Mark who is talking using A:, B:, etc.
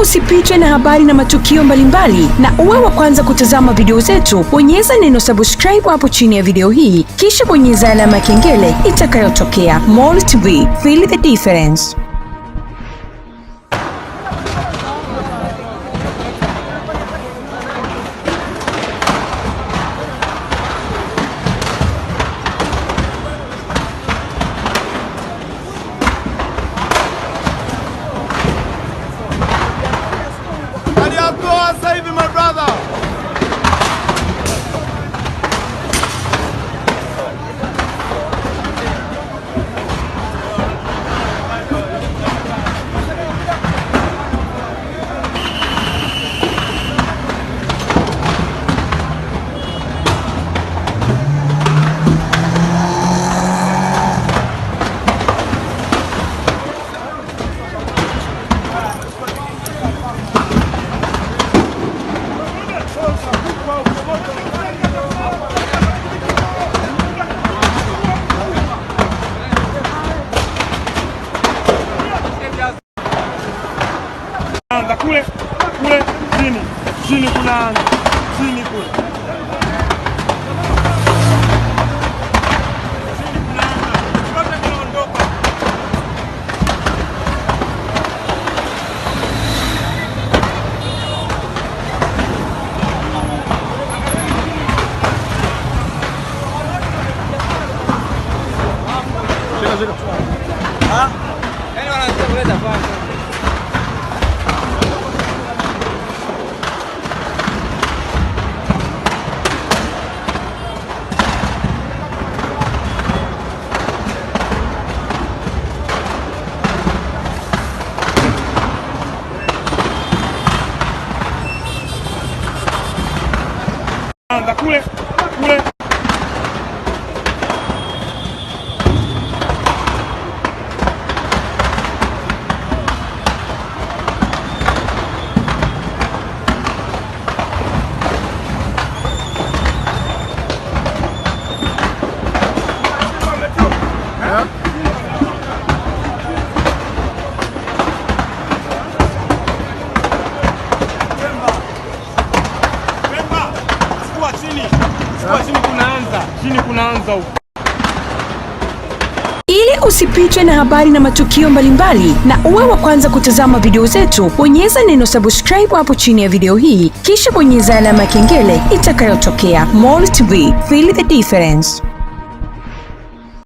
A: Usipitwe na habari na matukio mbalimbali mbali, na uwe wa kwanza kutazama video zetu, bonyeza neno subscribe hapo chini ya video hii, kisha bonyeza alama ya kengele itakayotokea. Moli TV, feel the difference.
B: Kule chini, chini kuna chini kule Shika, shika. Ah?
C: lá wanasema kuleta panga.
B: Cule, cule. chini kunaanza, chini kunaanza huko.
A: Ili usipitwe na habari na matukio mbalimbali mbali, na uwe wa kwanza kutazama video zetu, bonyeza neno subscribe hapo chini ya video hii, kisha bonyeza alama ya kengele itakayotokea. Moli feel the difference.